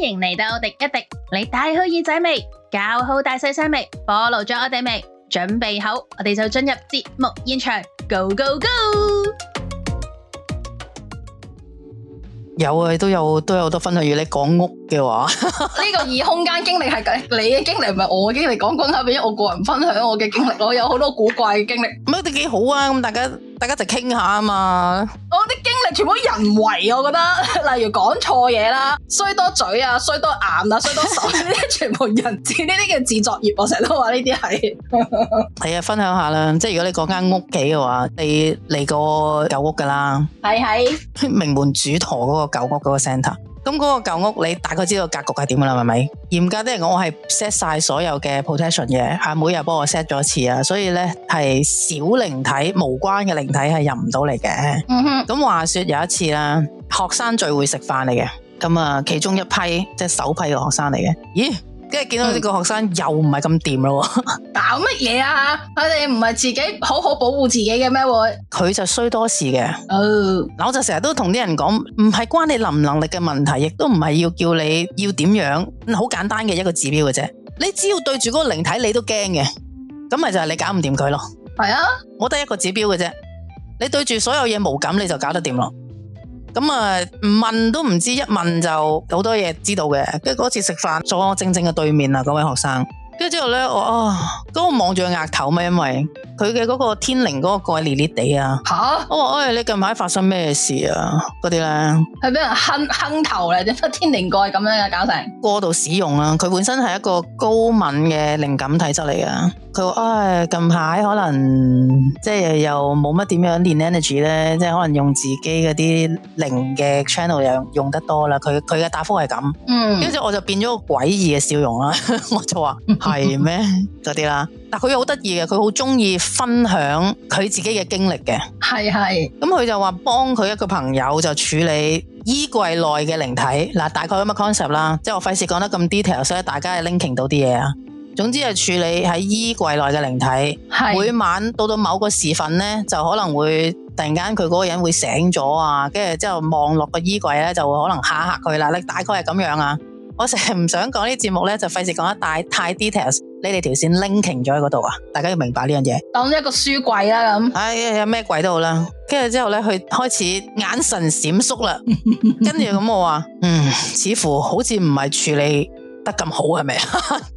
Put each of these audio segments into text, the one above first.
歡迎嚟到廸一廸，你帶好耳仔未？搞好大細聲未？暴露咗我哋未？準備好，我哋就進入節目現場，Go Go Go！有啊，都有都有好多分享。如果你講屋嘅話，呢個異空間經歷係你嘅經歷，唔係我嘅經歷。講講下畀我個人分享我嘅經歷我，有好多古怪嘅經歷，咁都幾好啊！咁大家大家就傾下啊嘛。你全部人為，我覺得，例如講錯嘢啦，衰多嘴啊，衰多眼啊，衰多手呢啲， 全部人字，呢啲叫自作業，我成日都話呢啲係。係啊，分享下啦，即係如果你講間屋企嘅話，你嚟過舊屋噶啦，係喺是名門主陀嗰個舊屋嗰個 centre 咁嗰個舊屋，你大概知道格局係點噶啦，係咪？嚴格啲嚟講，我係 set 晒所有嘅 protection 嘅，阿妹又幫我 set 咗一次啊，所以咧係小靈體無關嘅靈體係入唔到嚟嘅。嗯哼。咁話說有一次啦，學生聚會食飯嚟嘅，咁啊其中一批即首批嘅學生嚟嘅，咦？跟住見到呢個學生，嗯、又唔係咁掂咯， 搞乜嘢啊？佢哋唔係自己好好保護自己嘅咩？佢就衰多事嘅，嗱、哦、我就成日都同啲人講，唔係關你能唔能力嘅問題，亦都唔係要叫你要點樣，好簡單嘅一個指標嘅啫。你只要對住嗰個靈體你都驚嘅，咁咪就係你搞唔掂佢咯。係啊，我得一個指標嘅啫，你對住所有嘢無感你就搞得掂咯。咁啊，唔問問都唔知，一問就好多嘢知道嘅。跟住嗰次食飯坐我正正嘅對面啊，嗰位學生。跟住之後咧，我啊，嗰個望住佢額頭咩？因為佢嘅嗰個天靈嗰個蓋裂裂地啊。吓蛤！我話哎，你近排發生咩事啊？嗰啲咧，佢俾人坑坑頭嚟，即係天靈蓋咁樣嘅搞成。過度使用啦，佢本身係一個高敏嘅靈感體質嚟噶。佢話唉，近排可能即係又冇乜點樣練 energy 咧，即係可能用自己嗰啲靈嘅 channel 又用得多啦。佢佢嘅答覆係咁。嗯。跟住我就變咗個詭異嘅笑容啦。 我就話說。 係咩？嗰啲啦，但佢又好得意嘅，佢好中意分享佢自己嘅經歷嘅。係係是，咁佢、嗯、就話幫佢一個朋友就處理衣櫃內嘅靈體。嗱，大概咁嘅 concept 啦，即係我費事講得咁 detail，所以大家係 linking 到啲嘢啊。總之係處理喺衣櫃內嘅靈體，是每晚到到某個時分呢，就可能會突然間佢嗰個人會醒咗啊，跟住之後望落個衣櫃咧，就會可能吓吓佢啦。你大概係咁樣啊？我成日唔想講呢節目咧，就費事講得，得大太太 details。你哋條線 linking 咗喺嗰度啊！大家要明白呢樣嘢。當一個書櫃啦咁。唉，有咩、哎、鬼都好啦。跟住之後咧，佢開始眼神閃爍啦。 跟住咁我話，嗯，似乎好似唔係處理得咁好，係咪啊？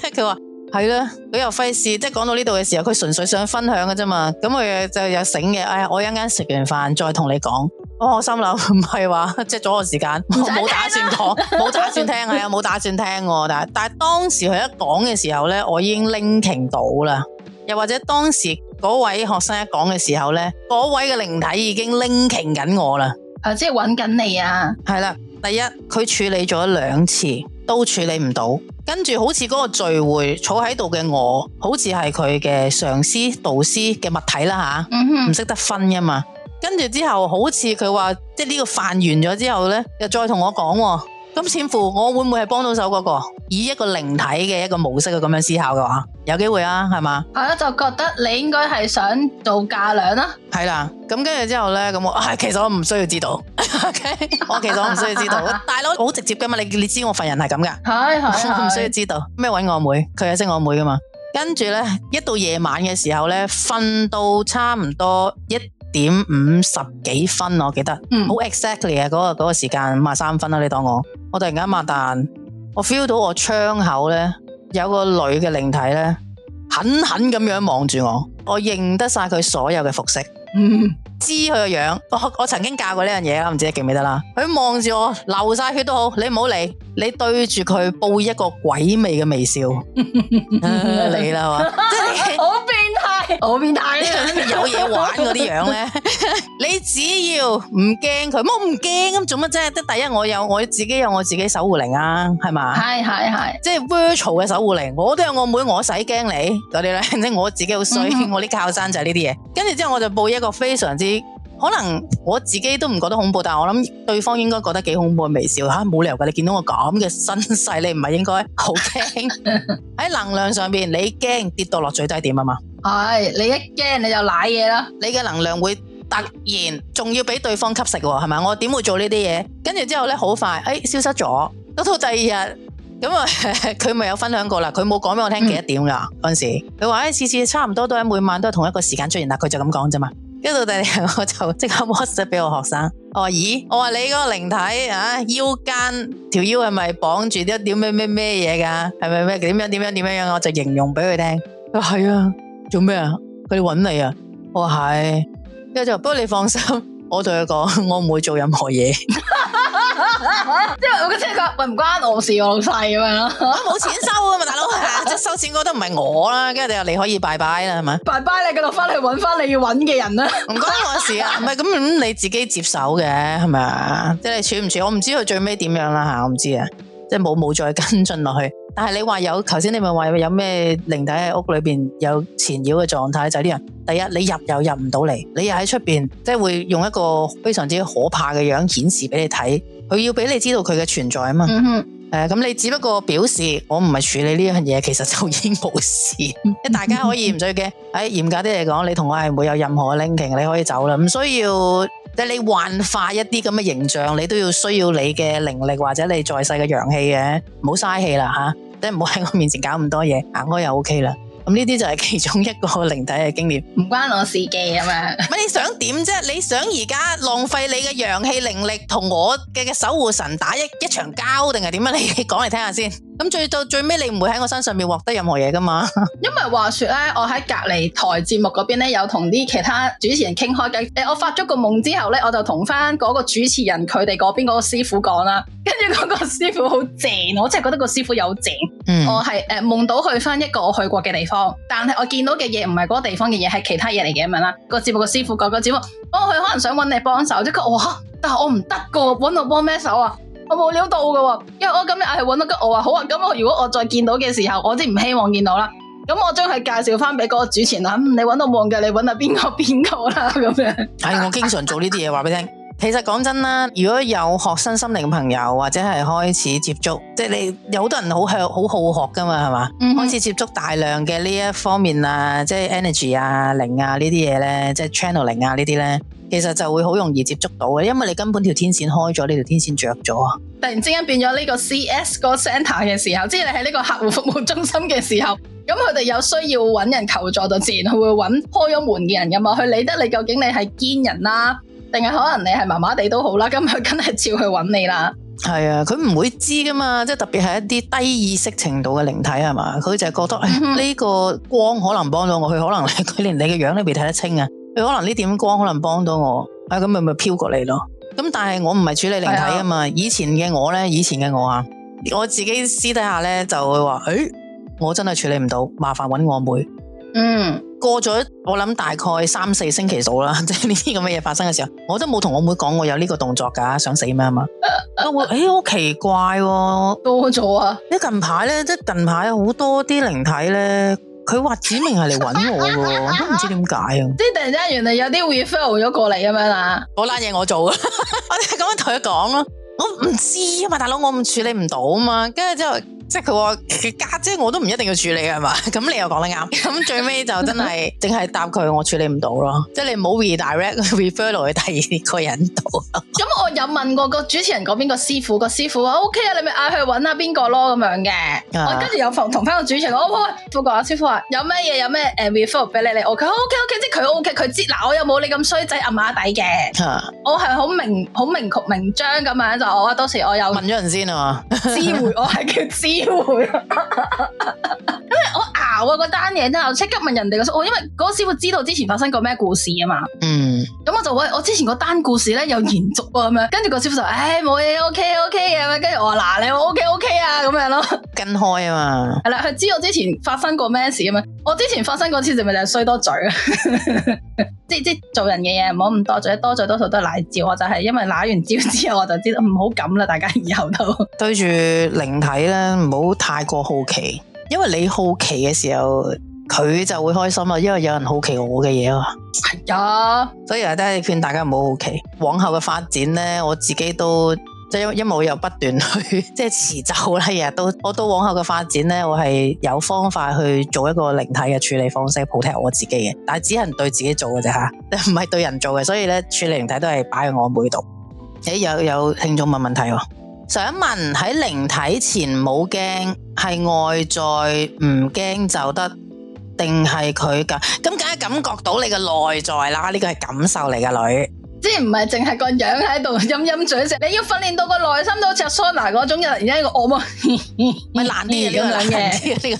跟住佢話係啦，佢又費事。即係講到呢度嘅時候，佢純粹想分享嘅啫嘛。咁佢就又醒嘅。哎呀，我一陣間食完飯再同你講。哦、我心諗唔係話即係阻我時間，我冇打算講，冇 打算聽，係啊，冇打算聽。但係但係當時佢一講嘅時候咧，我已經拎擎到啦。又或者當時嗰位學生一講嘅時候咧，嗰位嘅靈體已經拎擎緊我啦。誒、啊，即係搵緊你啊！係啦，第一佢處理咗兩次都處理唔到，跟住好似嗰個聚會坐喺度嘅我，好似係佢嘅上司導師嘅物體啦吓。嗯哼、唔識得分啊嘛。跟住之後，好似佢話，即係呢個飯完咗之後呢，又再同我講、哦，咁似乎我會唔會係幫到手嗰、那個？以一個靈體嘅一個模式去咁樣思考嘅話，有機會啊，係嘛？我啊，就覺得你應該係想做嫁娘啦、啊。係啦，咁跟住之後呢，咁我，唉、哎，其實我唔需要知道。O K， 我其實我唔需要知道。 大佬好直接噶嘛？你你知我份人係咁噶？係係。我唔需要知道咩？搵我妹，妹，佢係識我妹噶嘛？跟住呢，一到夜晚嘅時候呢，瞓到差唔多一。點五十幾分我記得，好 exactly、嗯、啊嗰、嗰個嗰、嗰個時間，五十三分啦、啊、你當我，我突然間擘大眼，我 feel 到我窗口咧有個女嘅靈體咧，狠狠咁樣望住我，我認得晒佢所有嘅服飾，知佢個樣我，我曾經教過呢樣嘢啦，唔知你記唔記得啦，佢望住我流晒血都好，你唔好理，你對住佢報一個鬼魅嘅微笑，你啦，即係。我變大啦，有嘢玩嗰啲樣咧， 你只要唔驚佢，我唔驚咁做乜啫？得第一，我有我自己有我自己守護靈啊，係嘛？係係係，即 係樂 virtual 嘅守護靈，我都有我妹，我使驚你嗰啲咧，反正 我自己好衰， 我啲靠山就係呢啲嘢。跟住之後我就報一個非常之。可能我自己都唔覺得恐怖，但係我諗對方應該覺得幾恐怖。微笑嚇冇、啊、理由㗎，你見到我咁嘅身世，你唔係應該好驚？喺 能量上面，你驚跌到落最低點啊嘛？係、哎、你一驚你就賴嘢啦，你嘅能量會突然仲要俾對方吸食喎，係咪？我點會做呢啲嘢？跟住之後咧，好快誒、哎、消失咗。到到第二日咁啊，佢、嗯、咪、嗯、 有分享過啦？佢冇講俾我聽幾多點㗎嗰陣時，佢話誒次次差唔多都係每，每晚都係同一個時間出現，但佢就咁講啫嘛。跟住到第二日我就即刻 WhatsApp 俾我學生，我話咦，我話你嗰個靈體啊腰間條腰係咪綁住啲點咩咩咩嘢噶？係咪咩點樣點樣點樣樣？我就形容俾佢聽，佢話係啊，做咩啊？佢哋揾你啊？我話係，跟住就不過你放心，我同佢講，我唔會做任何嘢。 即係、啊、我嘅聽佢話唔關我事，我老細咁樣咯，冇、啊、錢收哥哥啊嘛，大佬即係收錢嗰都唔係我啦，跟住你話你可以拜拜啦，係咪？拜拜你嘅老翻，去搵翻你要搵嘅人啦，唔關我事啊，唔係咁你自己接手嘅係咪啊？即係、嗯、 處唔處？我唔知佢最尾點樣啦吓、啊，我唔知啊，即係冇冇再跟進落去。但係你話有，頭先你咪話有咩靈體喺屋裏邊有纏繞嘅狀態，就係啲人第一你入又入唔到嚟，你又喺出邊，即、就、係、是、會用一個非常之可怕嘅樣顯示俾你睇。佢要俾你知道佢嘅存在啊嘛，誒、嗯哼，咁、呃、你只不過表示我唔係處理呢樣嘢，其實就已經冇事，即 大家可以唔再驚。誒、 哎，嚴格啲嚟講，你同我係唔會有任何嘅 linking，你可以走啦，唔需要。即係你幻化一啲咁嘅形象，你都要需要你嘅靈力或者你在世嘅陽氣嘅，唔好嘥氣啦吓，即係唔好喺我面前搞咁多嘢，行開又 OK 啦。咁呢啲就係其中一個靈體嘅經驗，唔關我事嘅嘛。乜 你想點啫？你想而家浪費你嘅陽氣靈力，同我嘅守護神打一一場交，定係點啊？你講嚟聽下先。咁最到最尾，你唔會喺我身上面獲得任何嘢噶嘛？因為話説咧，我喺隔離台節目嗰邊咧，有同啲其他主持人傾開偈。誒，我發咗個夢之後咧，我就同返嗰個主持人佢哋嗰邊嗰個師傅講啦。跟住嗰個師傅好正，我真係覺得個師傅有正。嗯、我係誒、呃、夢到去翻一個我去過嘅地方，但係我見到嘅嘢唔係嗰個地方嘅嘢，係其他嘢嚟嘅咁樣啦。嗯個節目嘅師傅講、個節目，我、哦、佢可能想揾你幫手，即刻「佢哇，但係我唔得噶喎，揾我幫咩手啊？我冇料到噶喎，因為我今日誒揾到吉，我話好啊，咁我如果我再見到嘅時候，我啲唔希望見到啦。咁、嗯、我將佢介紹翻俾嗰個主持人，你揾到望人嘅，你揾下邊個邊個啦咁樣。係、哎，我經常做呢啲嘢，話俾 你聽。其實講真啦，如果有學生心靈嘅朋友或者係開始接觸，即係你有好多人好向好好學㗎嘛，係嘛？嗯、哼開始接觸大量嘅呢一方面啊，即係 energy 啊、靈啊呢啲嘢咧，即係 channel 靈啊呢啲咧，其實就會好容易接觸到嘅，因為你根本條天線開咗，呢條天線着咗啊！突然之間變咗呢個 C S 個 center 嘅時候，即係你喺呢個客戶服務中心嘅時候，咁佢哋有需要揾人求助，就自然佢會揾開咗門嘅人㗎嘛，去理得你究竟你係堅人啦、啊。定係可能你係麻麻地都好啦，咁佢梗係照去揾你啦。係啊，佢唔會知噶嘛，即係特別係一啲低意識程度嘅靈體係嘛，佢就係覺得呢、哎嗯、哼個光可能幫到我，佢可能佢連你嘅樣都未睇得清啊，佢可能呢點光可能幫到我，啊咁咪咪飄過嚟咯。咁但係我唔係處理靈體啊嘛，啊以前嘅我呢，以前嘅我啊，我自己私底下呢就會話誒、哎，我真係處理唔到，麻煩揾我妹妹。嗯，過咗我諗大概三四星期到啦，即係呢啲咁嘅嘢發生嘅時候，我都冇同我妹講我有呢個動作噶，想死咩啊嘛，咁 我話、欸、好奇怪喎，多咗啊，啲、啊、近排咧，即係近排好多啲靈體咧，佢話指名係嚟搵我噶，我都唔知點解啊，即係突然之間原來有啲 refer 咗過嚟咁樣啊，好攬嘢我做啊，我哋係咁樣同佢講咯，我唔知啊嘛，大佬我唔處理唔到啊嘛，跟住之後。即係佢話家姐，姐我都唔一定要處理係嘛，咁 你又講得啱，咁最尾就真係，淨係答佢我處理唔到咯，即係你唔好 re direct refer 落去第二個人度。咁我有問過個主持人嗰邊個師傅，個師傅話 O K 啊，你咪嗌佢揾下邊個咯咁樣嘅。我跟住有房同翻個主持人、oh, 哎啊我 okay okay, okay, okay，我喂副哥阿師傅話有咩嘢有咩誒 refer 俾你，你 O K，O K，O K，即係佢 O K，佢知。嗱、啊、我又冇你咁衰仔暗下底嘅，我係好明好明確明章咁樣就我、是、當時我有問咗人先啊， 知會我係叫知。機會， 因為我熬啊單嘢，之後即刻問人哋個嗰，哦，因為個師傅知道之前發生過咩故事啊嘛，嗯，咁、嗯、我就我之前個單故事咧又延續啊咁樣，跟住個師傅就，誒冇嘢，ok ok。跟住我話嗱、啊、你我 O K O K 啊咁樣咯，跟開啊嘛，係啦，佢知道我之前發生過咩事啊嘛？我之前發生過次就咪就係衰多嘴、啊 即，即係即係做人嘅嘢唔好咁多嘴，多嘴多數都係賴招，我就係、是、因為賴完招之後我就知道唔好咁啦，大家以後都對住靈體咧，唔好太過好奇，因為你好奇嘅時候，佢就會開心啦，因為有人好奇我嘅嘢啊，係啊呀，所以啊都係勸大家唔好好奇，往後嘅發展咧，我自己都。即係一一冇，又不斷去即係辭就啦，日日都我到往後嘅發展咧，我係有方法去做一個靈體嘅處理方式普 r 我自己嘅，但係只係對自己做嘅啫吓，唔係對人做嘅，所以咧處理靈體都係擺喺我妹度。誒、欸，有有聽眾問問題、啊，想問喺靈體前冇驚，係外在唔驚就得，定係佢噶？咁梗係感覺到你嘅內在啦，呢個係感受嚟嘅，女。即係唔係淨係個樣喺度陰陰嘴食，你要訓練到個內心都似 Sona 嗰種人，而家個惡魔咪難啲咁樣知，呢個難啲，呢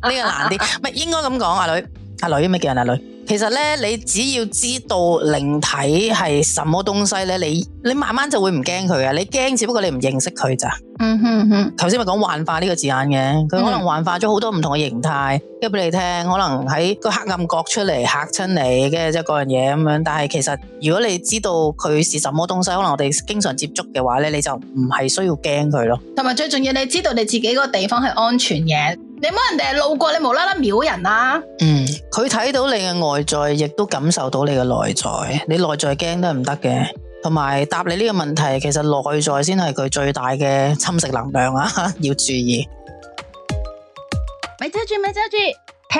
個難啲，唔係應該咁講啊女，阿女咩叫人啊女？啊女啊女其實咧，你只要知道靈體係什麼東西咧，你你慢慢就會唔驚佢啊！你驚只不過你唔認識佢咋。嗯哼哼，頭先咪講幻化呢個字眼嘅，佢可能幻化咗好多唔同嘅形態，講俾、嗯、你聽，可能喺個黑暗角出嚟吓親你嘅即係各樣嘢咁樣。但係其實如果你知道佢是什麼東西，可能我哋經常接觸嘅話咧，你就唔係需要驚佢咯。同埋最重要，你知道你自己個地方係安全嘅。你冇人哋路過，你無啦啦瞄人啊。嗯，佢睇到你嘅外在，亦都感受到你嘅內在。你內在驚都唔得嘅？同埋答你呢個問題，其實內在先係佢最大嘅侵蝕能量啊！要注意。咪住咪住咪住，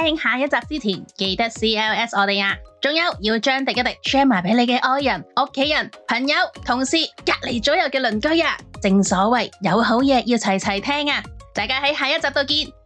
聽下一集之前記得 C L S 我哋啊！仲有要將廸一廸 share 埋俾你嘅愛人、屋企人、朋友、同事、隔籬左右嘅鄰居啊！正所謂有好嘢要齊齊聽啊！大家喺下一集度見。